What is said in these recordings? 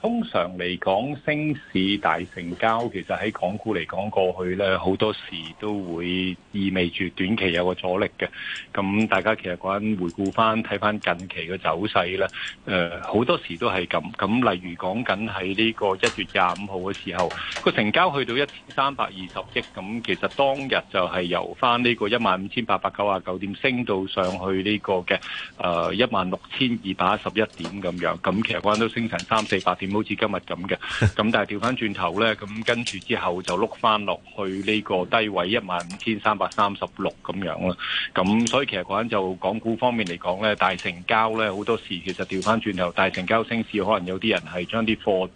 通常嚟講，升市大成交其實喺港股嚟講，過去呢好多時都會意味住短期有個阻力嘅。咁大家其實講緊回顧翻，睇翻近期嘅走勢啦。誒、呃，好多時都係咁。咁例如講緊喺呢個一月廿五號嘅時候，個成交去到一千三百二十億。咁其實當日就係由翻呢個一萬五千八百九十九點升到上去呢、這個嘅誒一萬六千二百一十一點咁樣。咁其實講都升成三四百點。唔好似今日咁嘅，咁但係調翻轉頭呢。咁跟住之後就碌翻落去呢個低位一萬五千三百三十六咁樣啦。咁所以其實嗰陣就港股方面嚟講呢，大成交呢好多時其實調翻轉頭，大成交升市，可能有啲人係將啲貨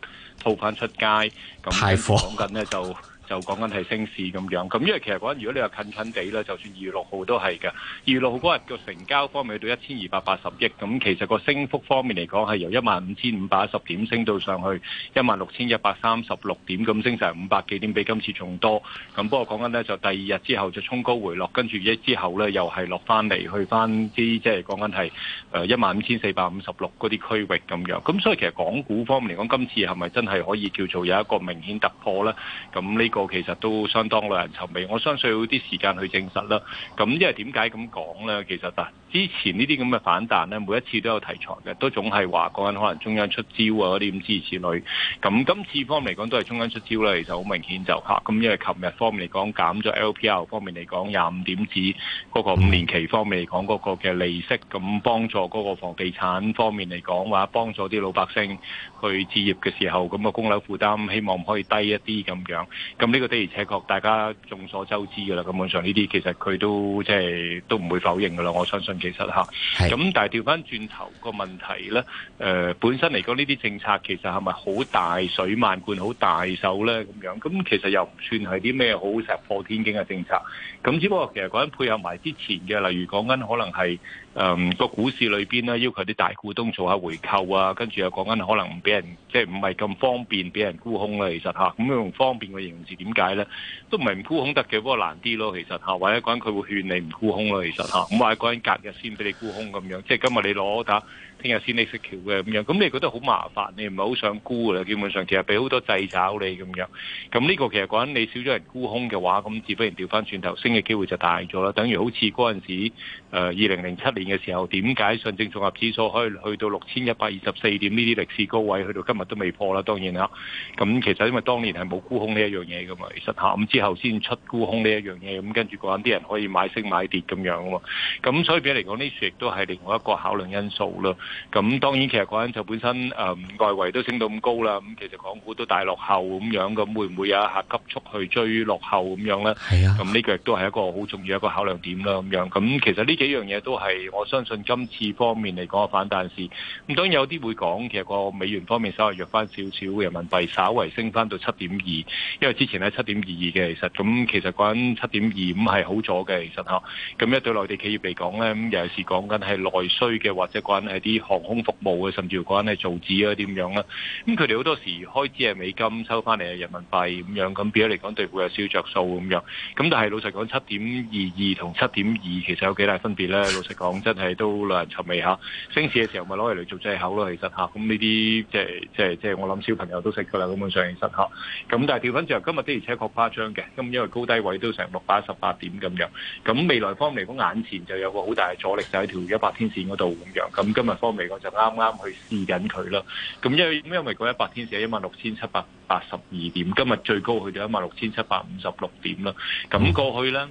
套翻出街。太講緊呢就。就講緊係升市咁樣，咁因為其實講緊如果你話近近地咧，就算二月六號都係嘅。二月六號嗰日個成交方面去到一千二百八十億，咁其實個升幅方面嚟講係由一萬五千五百一十點升到上去一萬六千一百三十六點，咁升成五百幾點，比今次仲多。咁不過講緊呢，就第二日之後就衝高回落，跟住一之後呢又係落翻嚟去翻啲，即係講緊係誒一萬五千四百五十六嗰啲區域咁樣。咁所以其實港股方面嚟講，今次係咪真係可以叫做有一個明顯突破呢？咁呢個。其實都相當耐人尋味，我相信有啲時間去證實啦。咁因為點解咁講咧？其實嗱，之前呢啲咁嘅反彈咧，每一次都有題材嘅，都總係話講緊可能中央出招啊，嗰啲咁之類。咁今次方面嚟講都係中央出招啦，其實好明顯就吓。咁因為琴日方面嚟講減咗 LPR，方面嚟講廿五點子，嗰個五年期方面嚟講嗰個嘅利息，咁幫助嗰個房地產方面嚟講話，幫助啲老百姓去置業嘅時候，咁個供樓負擔希望可以低一啲咁樣。咁呢個的而且確，大家眾所周知㗎啦。根本上呢啲其實佢都即係都唔會否認㗎啦。我相信其實吓咁的但係調翻轉頭個問題呢，呃、本身嚟講呢啲政策其實係咪好大水漫灌、好大手呢？咁樣咁其實又唔算係啲咩好石破天驚嘅政策。咁只不過其實講緊配合埋之前嘅，例如講緊可能係。誒、嗯，個股市裏邊咧，要求啲大股東做下回購啊，跟住又講緊可能唔俾人，即係唔係咁方便俾人沽空啦。其實吓，咁、啊、用方便嘅形容詞點解咧？都唔係唔沽空得嘅，不過難啲咯。其實吓、啊，或者講緊佢會勸你唔沽空咯。其實吓，咁或者講緊隔日先俾你沽空咁樣，即係今日你攞打，聽日先你識橋嘅咁樣。咁你覺得好麻煩？你唔係好想沽嘅，基本上其實俾好多掣炒你咁樣。咁呢個其實講緊你少咗人沽空嘅話，咁不然調翻轉頭升嘅機會就大咗啦。等於好似嗰陣時誒，二零零七嘅時候，點解上證綜合指數可以去到六千一百二十四點呢啲歷史高位，去到今日都未破啦？當然啦，咁其實因為當年係冇沽空呢一樣嘢噶嘛，其實嚇咁之後先出沽空呢一樣嘢，咁跟住嗰陣啲人可以買升買跌咁樣喎，咁所以俾嚟講呢，説亦都係另外一個考量因素咯。咁當然其實嗰陣就本身誒、呃、外圍都升到咁高啦，咁其實港股都大落後咁樣，咁會唔會有一下急速去追落後咁樣咧？係啊，咁呢個亦都係一個好重要一個考量點啦。咁樣咁其實呢幾樣嘢都係。我相信今次方面嚟講，個反彈市咁當然有啲會講，其實個美元方面稍為弱翻少少，人民幣稍為升翻到七點二，因為之前喺七點二二嘅，其實咁其實講緊七點二五係好咗嘅，其實嚇咁一對內地企業嚟講呢，咁尤其係講緊係內需嘅，或者講緊係啲航空服務啊，甚至乎講緊係造紙啊啲咁樣啦。咁佢哋好多時開支係美金，收翻嚟係人民幣咁樣，咁比較嚟講對佢有少少著數咁樣。咁但係老實講，七點二二同七點二其實有幾大分別咧？老實講。真係都令人尋味嚇，升市嘅時候咪攞嚟做借口咯，其實嚇。咁呢啲即係即係即係我諗小朋友都識㗎啦，咁本，本上起身嚇。咁但係調返之後，今日的而且確誇張嘅，咁因為高低位都成六百一十八點咁樣。咁未來方面嚟講，眼前就有個好大嘅阻力就喺條一百天線嗰度咁樣。咁今日方面就啱啱去試緊佢啦。咁因因為嗰一百天線係一萬六千七百八十二點，今日最高去到一萬六千七百五十六點啦。咁過去咧。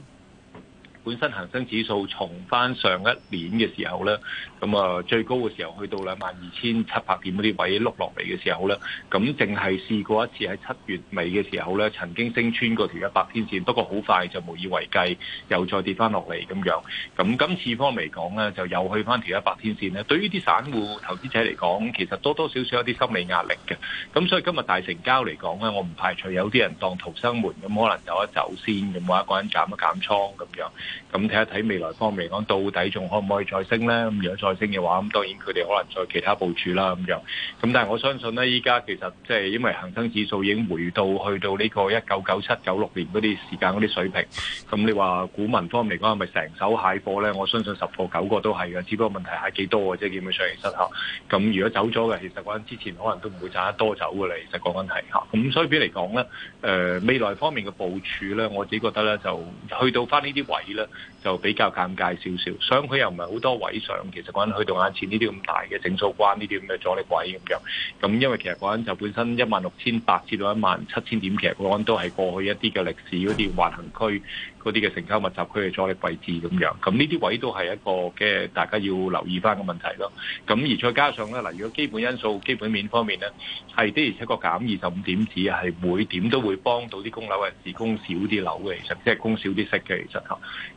本身恒生指數重返上一年嘅時候咧，咁啊最高嘅時候去到兩萬二千七百點嗰啲位碌落嚟嘅時候咧，咁淨係試過一次喺七月尾嘅時候咧，曾經升穿過條一百天線，不過好快就無以為繼，又再跌返落嚟咁樣。咁今次方嚟講咧，就又去返條一百天線咧。對於啲散戶投資者嚟講，其實多多少少有啲心理壓力嘅。咁所以今日大成交嚟講咧，我唔排除有啲人當逃生門咁，可能走一走先，咁話一個人減一減倉咁樣。咁睇一睇未來方面嚟講，到底仲可唔可以再升咧？咁如果再升嘅話，咁當然佢哋可能再其他部署啦。咁樣，咁但係我相信咧，依家其實即係因為恒生指數已經回到去到呢個一九九七九六年嗰啲時間嗰啲水平，咁你話股民方面講係咪成手蟹貨咧？我相信十個九個都係嘅，只不過問題係幾多嘅啫，基本上其實嚇。咁如果走咗嘅，其實講之前可能都唔會賺得多走㗎啦。其實講緊係嚇。咁相對嚟講咧，誒未來方面嘅部署咧，我自己覺得咧就去到翻呢啲位。就比較尷尬少少，所以佢又唔係好多位上，其實講去到眼前呢啲咁大嘅整數關，呢啲咁嘅阻力位咁樣。咁因為其實講緊就本身一萬六千八至到一萬七千點，其實講都係過去一啲嘅歷史嗰啲橫行區。嗰啲嘅成交密集區嘅阻力位置咁樣，咁呢啲位都係一個嘅，大家要留意翻嘅問題咯。咁而再加上咧，嗱，如果基本因素、基本面方面咧，係的而且確減二十五點子，係每點都會幫到啲供樓人士供少啲樓嘅，其實即係供少啲息嘅，其實嚇。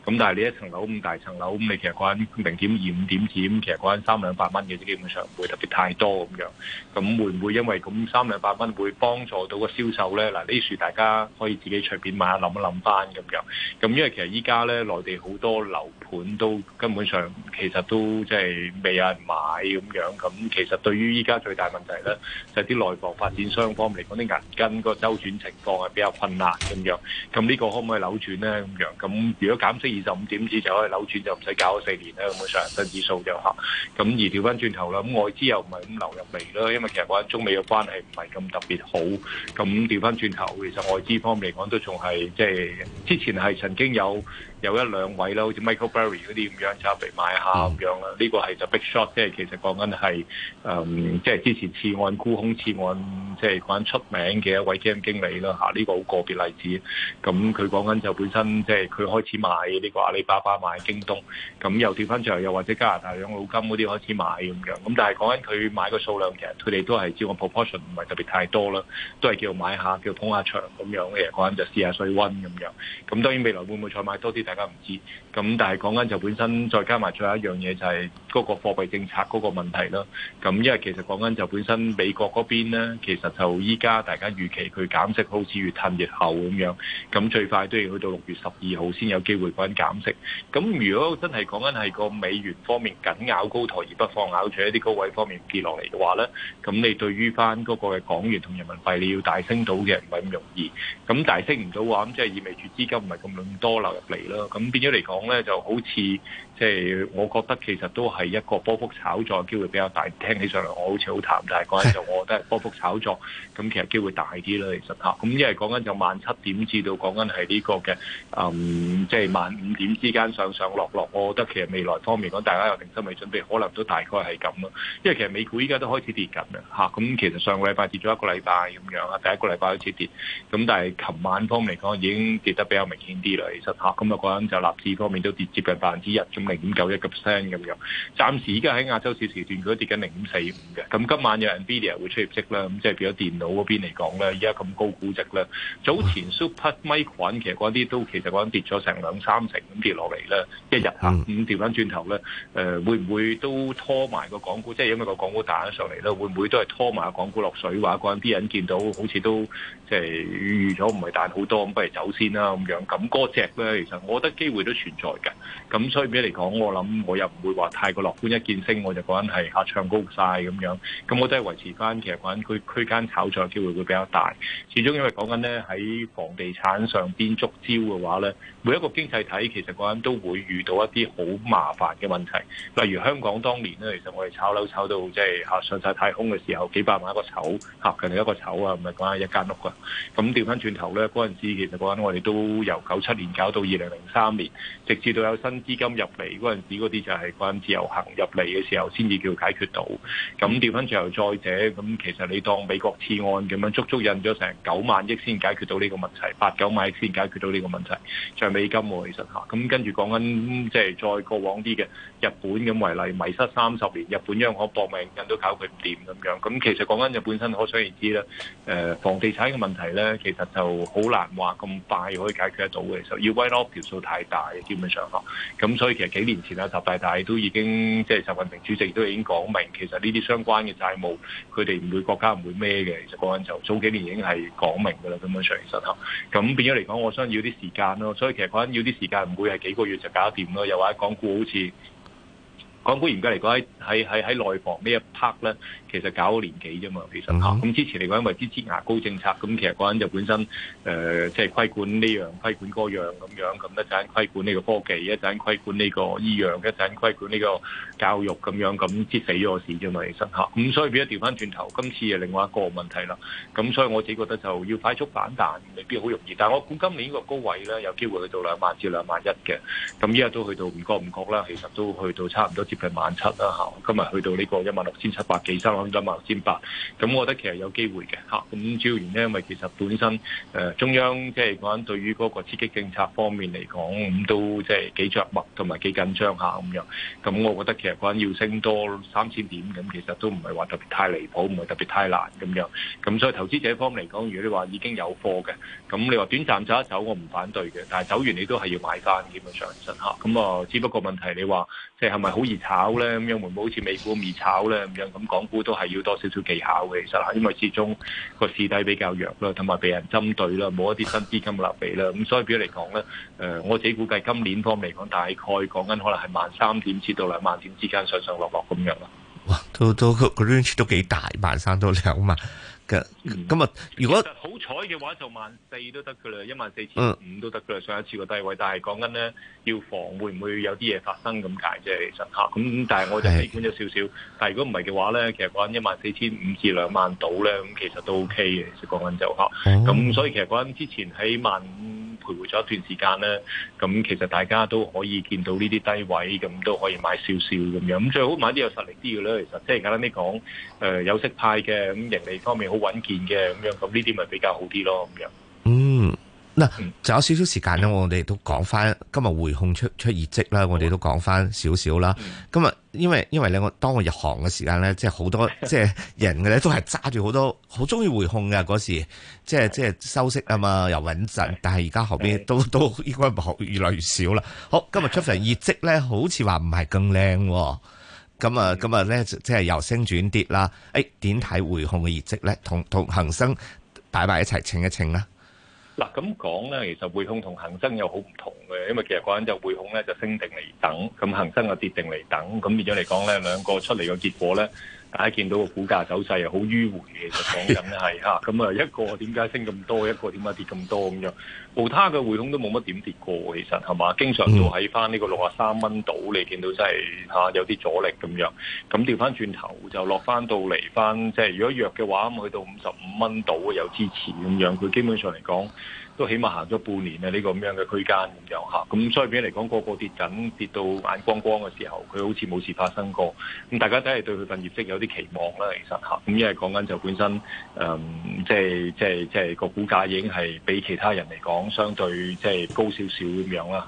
咁但係呢一層樓咁大，層樓咁，你其實講緊零點二五點子，咁其實講緊三兩百蚊嘅，基本上唔會特別太多咁樣。咁會唔會因為咁三兩百蚊會幫助到個銷售咧？嗱，呢樹大家可以自己隨便買下諗一諗翻咁樣。咁因為其實依家咧，內地好多樓。本都根本上其實都即係未有人買咁樣。咁其實對於依家最大問題咧，就係啲內房發展商方面嚟講，啲銀根個周轉情況係比較困難咁樣。咁呢個可唔可以扭轉咧咁樣，咁如果減息二十五點子就可以扭轉，就唔使搞咗四年咧。咁嘅上日新指數就吓。咁而調翻轉頭啦，咁外資又唔係咁流入嚟啦，因為其實我喺中美嘅關係唔係咁特別好，咁調翻轉頭，其實外資方面嚟講都仲係即係之前係曾經有。有一兩位啦，好似 Michael Burry 嗰啲咁樣，就俾買下咁樣啦。呢、這個係就 Big Short 即係其實講緊係誒，即係之前次按、沽空次按，即係講緊出名嘅一位基金經理啦呢、啊這個好個別例子。咁佢講緊就本身即係佢開始買呢個阿里巴巴買京東咁又跌翻上，場又或者加拿大養老金嗰啲開始買咁樣。咁但係講緊佢買個數量其實佢哋都係照個 proportion 唔係特別太多啦，都係叫買下，叫捧下場咁樣嘅。講緊就試下水溫咁樣。咁當然未來會唔會再買多啲？大家唔知，咁但係講緊就本身再加埋最後一樣嘢就係嗰個貨幣政策嗰個問題囉。咁因為其實講緊就本身美國嗰邊呢，其實就依家大家預期佢減息好似越褪越後咁樣，咁最快都要去到六月十二號先有機會講緊減息。咁如果真係講緊係個美元方面緊咬高台而不放咬住一啲高位方面跌落嚟嘅話呢，咁你對於返嗰個嘅港元同人民幣你要大升到嘅唔係咁容易。咁大升唔到嘅話，咁即係意味住資金唔係咁多流入嚟咯。咁變咗嚟講咧，就好似即係我覺得其實都係一個波幅炒作機會比較大，聽起上嚟我好似好淡，但係講緊就我覺得係波幅炒作，咁其實機會大啲咯，其實嚇，咁因為講緊就萬七點至到講緊係呢個嘅，嗯，即係萬五點之間上上落落，我覺得其實未來方面講，大家有定心理準備，可能都大概係咁咯。因為其實美股依家都開始跌緊啦，嚇，咁其實上個禮拜跌咗一個禮拜咁樣啊，第一個禮拜開始跌，咁但係琴晚方面講已經跌得比較明顯啲啦，其實嚇。咁啊～嗰陣就納指方面都跌接近百分之一，咁零點九一個 percent 咁樣。暫時依家喺亞洲市時段，佢都跌緊零點四五嘅。咁今晚有 Nvidia 會出業績啦，咁即係變咗電腦嗰邊嚟講咧，依家咁高估值咧。早前 Supermicro 其實嗰啲都其實嗰陣跌咗成兩三成咁跌落嚟啦，一日下午掉翻轉頭咧，誒會唔會都拖埋個港股？即係因為個港股彈咗上嚟啦，會唔會都係拖埋個港股落水話？嗰陣啲人見到好似都即係預咗唔係彈好多，咁不如走先啦咁樣。咁嗰隻咧，其實我。我覺得機會都存在嘅，咁所以俾你嚟講，我諗我又唔會話太過樂觀，一見升我就講緊係嚇唱高晒咁樣，咁我都係維持返其實講緊區間炒作機會會比較大，始終因為講緊咧喺房地產上邊觸礁嘅話咧。每一個經濟體其實嗰陣都會遇到一啲好麻煩嘅問題，例如香港當年呢，其實我哋炒樓炒到即係嚇上晒太空嘅時候，幾百萬一個籌嚇，其實一個籌啊，唔係講下一間屋啊。咁掉返轉頭呢，嗰陣時其實嗰陣我哋都由九七年搞到二零零三年，直至到有新資金入嚟嗰陣時，嗰啲就係嗰陣自由行入嚟嘅時候先至叫解決到。咁掉返轉頭再者，咁其實你當美國次按咁樣足足印咗成九萬億先解決到呢個問題，八九萬億先解決到呢個問題，美金喎、啊，其實嚇，咁跟住講緊即係再過往啲嘅日本咁為例，迷失三十年，日本央行搏命人都搞佢唔掂咁樣，咁其實講緊日本，本身可想而知啦。誒、呃，房地產嘅問題咧，其實就好難話咁快可以解決得到嘅，其實要 write off 條數太大嘅，基本上嚇，咁所以其實幾年前啊，習大大都已經即係習近平主席都已經講明，其實呢啲相關嘅債務，佢哋唔會國家唔會孭嘅，其實講緊就早幾年已經係講明噶啦，基本上其實咁變咗嚟講，我想要啲時間咯，所以其實誒，要啲時間，唔會係幾個月就搞得掂咯，又或者港股好似。港股而家嚟講喺喺喺喺內房呢一 part 咧，其實搞年幾啫嘛，其實嚇。咁之前嚟講因為啲擠牙膏政策，咁其實嗰陣就本身誒即係規管呢樣規管嗰樣咁樣，咁一陣規管呢個科技，一陣規管呢個醫藥，一陣規管呢個教育咁樣，咁即死咗個事啫嘛，其實嚇。咁所以變咗調翻轉頭，今次又另外一個問題啦。咁所以我自己覺得就要快速反彈，未必好容易。但係我估今年個高位咧，有機會去到兩萬至兩萬一嘅。咁依家都去到唔覺唔覺啦，其實都去到差唔多。萬七啦吓，今日去到呢個一萬六千七百幾，三萬到一萬六千八，咁我覺得其實有機會嘅。咁主要原因因為其實本身誒、呃、中央即係講對於嗰個刺激政策方面嚟講，咁都即係幾著墨同埋幾緊張下咁樣。咁我覺得其實講要升多三千點咁，其實都唔係話特別太離譜，唔係特別太難咁樣。咁所以投資者方嚟講，如果你話已經有貨嘅，咁你話短暫走一走，我唔反對嘅。但係走完你都係要買返，基本上嚇。咁啊、呃，只不過問題你話。係咪好易炒咧？咁樣，會唔會好似美股咁易炒咧？咁樣，咁港股都係要多少少技巧嘅，其實，因為始終個市底比較弱啦，同埋俾人針對啦，冇一啲新資金立備啦。咁所以，比如嚟講咧，誒，我自己估計今年方面嚟講，大概講緊可能係萬三點至到兩萬點之間上上落落咁樣啦。哇！都都個 range 都幾大，萬三到兩萬。嘅今日如果好彩嘅話就萬四都得嘅啦，一萬四千五都得嘅啦，嗯、上一次個低位，但係講緊咧要防會唔會有啲嘢發生咁解啫，其實吓，咁、嗯，但係我就悲觀咗少少。的但係如果唔係嘅話咧，其實講緊一萬四千五至兩萬到咧，咁其實都 OK 嘅，其實講緊就吓。咁的所以其實講緊之前喺萬五。徘徊咗一段時間咧，咁其實大家都可以見到呢啲低位，咁都可以買少少咁樣，咁最好買啲有實力啲嘅咧。其實即係簡單啲講，誒、呃、有息派嘅咁盈利方面好穩健嘅咁樣，咁呢啲咪比較好啲咯咁樣。嗱、啊，就有少少時間咧，我哋都講翻今日匯控出出業績啦，我哋都講翻少少啦。今日因為因為咧，我當我入行嘅時間咧，即係好多即係人嘅咧，都係揸住好多好中意匯控嘅嗰時，即係即係收息啊嘛，又穩陣。但係而家後邊都都應該冇越嚟越少啦。好，今日出份業績咧，好似話唔係咁靚，咁啊今日咧，即係由升轉跌啦。誒、哎，點睇匯控嘅業績咧？同同恒生擺埋一齊請一請啦。嗱咁講咧，其實匯控同恒生又好唔同嘅，因為其實講緊就匯控咧就升定嚟等，咁恒生就跌定嚟等，咁變咗嚟講咧，兩個出嚟嘅結果咧，大家見到個股價走勢又好迂迴嘅，就講緊係吓，咁咪啊一個點解升咁多，一個點解跌咁多咁樣。無他嘅匯通都冇乜點跌過，其實係嘛？經常都喺翻呢個六十三蚊度，你見到真係嚇有啲阻力咁樣。咁調翻轉頭就落翻到嚟翻，即係如果弱嘅話，去到五十五蚊度有支持咁樣。佢基本上嚟講都起碼行咗半年咧，呢、這個咁樣嘅區間咁樣嚇。咁所以嚟講，個個跌緊跌到眼光光嘅時候，佢好似冇事發生過。咁大家都係對佢份業績有啲期望啦，其實嚇。咁一係講緊就本身，誒、呃，即係即係即係、這個股價已經係比其他人嚟講。相對即係高少少咁樣啦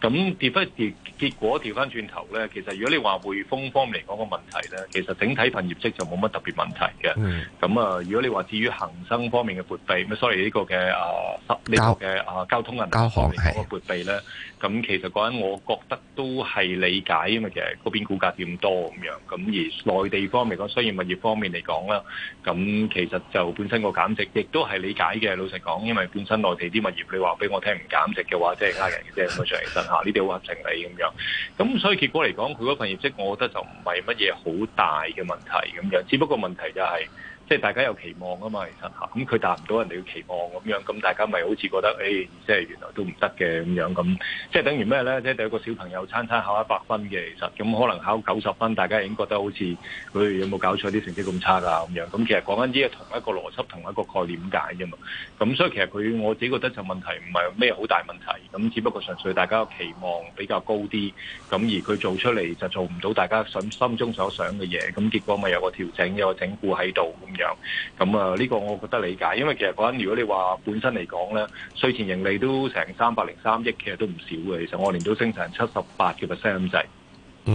嚇，咁跌翻結結果調翻轉頭咧，其實如果你話匯豐方面嚟講個問題咧，其實整體份業績就冇乜特別問題嘅。咁啊，如果你話至於恒生方面嘅撥備，咁 sorry 呢個嘅啊呢個嘅啊交通銀行交行嚟講嘅撥備咧，咁其實個人我覺得都係理解，因為其實嗰邊股價跌咁多咁樣，咁而內地方嚟講，商業物業方面嚟講啦，咁其實就本身個減值亦都係理解嘅。老實講，因為本身內地啲物業佢。話俾我聽，唔減值嘅話，即係呃人嘅啫。咁上嚟身下呢啲好合情理咁樣。咁所以結果嚟講，佢嗰份業績，我覺得就唔係乜嘢好大嘅問題咁樣。只不過問題就係、是。即係大家有期望啊嘛，其實嚇，咁、嗯、佢達唔到人哋嘅期望咁樣，咁大家咪好似覺得，誒、哎，即係原來都唔得嘅咁樣，咁即係等於咩咧？即係一個小朋友餐餐考一百分嘅，其實咁可能考九十分，大家已經覺得好似，誒，佢有冇搞錯？啲成績咁差噶，咁樣，咁其實講緊啲係同一個邏輯，同一個概念解啫嘛。咁所以其實佢我自己覺得就問題唔係咩好大問題，咁只不過純粹大家嘅期望比較高啲，咁而佢做出嚟就做唔到大家心中所想嘅嘢，咁結果咪有個調整有個整固喺度。這樣咁啊，呢個我覺得理解，因為其實講緊如果你話本身嚟講咧，稅前盈利都成三百零三億，其實都唔少嘅。其實我年都升成七十八嘅 percent 咁滯。就是、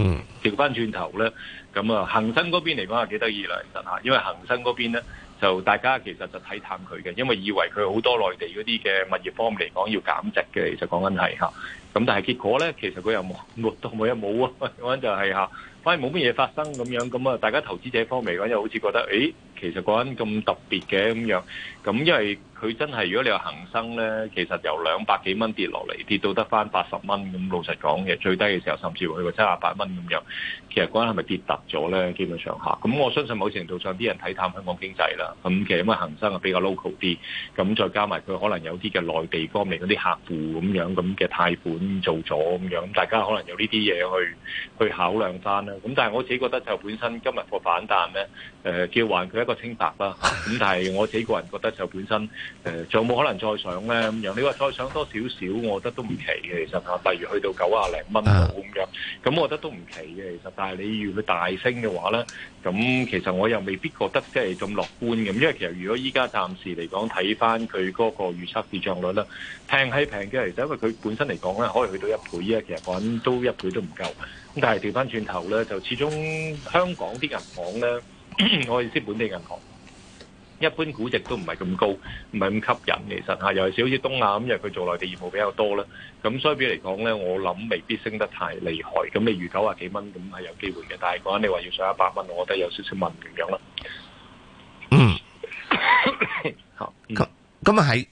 嗯，調翻轉頭咧，咁啊，恒生嗰邊嚟講又幾得意啦，其實吓，因為恒生嗰邊咧就大家其實就睇淡佢嘅，因為以為佢好多內地嗰啲嘅物業方面嚟講要減值嘅，其實講緊係吓。咁但係結果咧，其實佢又冇到冇一冇啊，講緊就係、是、吓。反而冇乜嘢發生咁樣。咁啊，大家投資者方面又好似覺得，誒、欸，其實嗰陣咁特別嘅咁樣。咁因為。佢真係如果你話恒生咧，其實由兩百幾蚊跌落嚟，跌到得翻八十蚊咁。老實講嘅最低嘅時候，甚至會去個七廿八蚊咁樣。其實嗰陣係咪跌突咗咧？基本上下咁，我相信某程度上啲人睇淡香港經濟啦。咁其實因為恒生係比較 local 啲，咁再加埋佢可能有啲嘅內地方面嗰啲客戶咁樣咁嘅貸款做咗咁樣，大家可能有呢啲嘢去去考量翻啦。咁但係我自己覺得就本身今日個反彈咧、呃，叫還佢一個清白啦。咁但係我自己個人覺得就本身。誒仲、呃、有冇可能再上咧？咁樣你話再上多少少，我覺得都唔奇嘅，其實嚇。例如去到九啊零蚊咁樣，咁我覺得都唔奇嘅，其實。但係你如果大升嘅話咧，咁其實我又未必覺得即係咁樂觀嘅，因為其實如果依家暫時嚟講睇翻佢嗰個預測市賬率咧，平係平嘅，其實因為佢本身嚟講咧，可以去到一倍啊，其實講都一倍都唔夠。咁但係調翻轉頭咧，就始終香港啲銀行咧， 我意思本地銀行。一般估值都唔係咁高，唔係咁吸引，其實吓，尤其是好似東亞咁，因為佢做內地業務比較多咧，咁所以嚟講咧，我諗未必升得太厲害。咁你預九十幾蚊，咁係有機會嘅，但係講你話要上一百蚊，我覺得有少少問咁樣啦。嗯，咁咁啊喺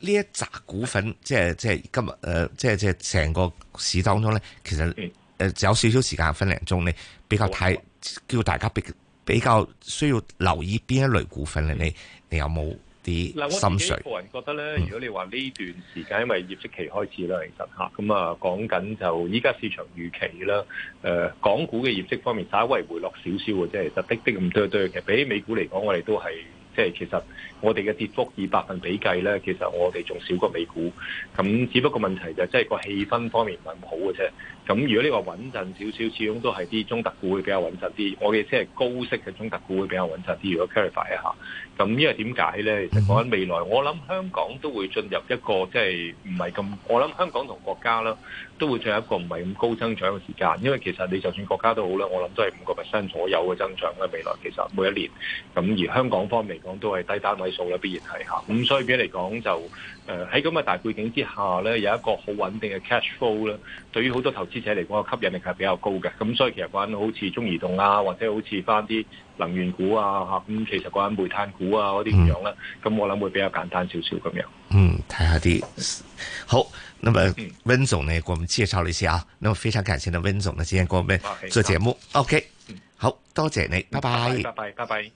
呢一扎股份，即係即係今日誒，即係、呃、即係成個市當中咧，其實誒、嗯呃、有少少時間分零鐘咧，你比較太好叫大家俾。比較需要留意邊一類股份咧，嗯？你你有冇啲心水？嗱，嗯，我自己個人覺得咧，如果你話呢段時間，因為業績期開始啦，其實吓咁啊，講緊就依家市場預期啦，誒，呃，港股嘅業績方面稍微回落少少嘅，即係其實的的咁多對，其實比起美股嚟講，我哋都係。即係其實我哋嘅跌幅以百分比計咧，其實我哋仲少過美股，咁只不過問題就係、即係個氣氛方面唔係咁好嘅啫。咁如果你話穩陣少少，始終都係啲中特股會比較穩陣啲。我嘅意思係高息嘅中特股會比較穩陣啲。如果 clarify 一下，咁因為點解咧？其實講緊未來，我諗香港都會進入一個即係唔係咁。我諗香港同國家啦。都會進入一個唔係咁高增長嘅時間，因為其實你就算國家都好啦，我諗都係五個 percent 左右嘅增長啦。未來其實每一年咁，而香港方面嚟講都係低單位數啦，必然係嚇。咁所以變咗嚟講就，誒喺咁嘅大背景之下咧，有一個好穩定嘅 cash flow 咧，對於好多投資者嚟講嘅吸引力係比較高嘅。咁所以其實講好似中移動啊，或者好似翻啲。能源股啊，吓咁其實講緊煤炭股啊嗰啲咁樣啦，咁、嗯、我諗會比較簡單少少咁樣，嗯，睇下啲好。那麼溫總呢，給我們介紹了一些啊。那麼非常感謝呢，溫總呢，今天給我們做節目。啊、OK，okay、嗯、好，多謝你，嗯、拜、拜、拜拜，拜拜，拜拜。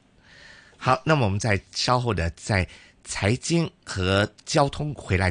好，那麼我們再稍後呢，在財經和交通回來。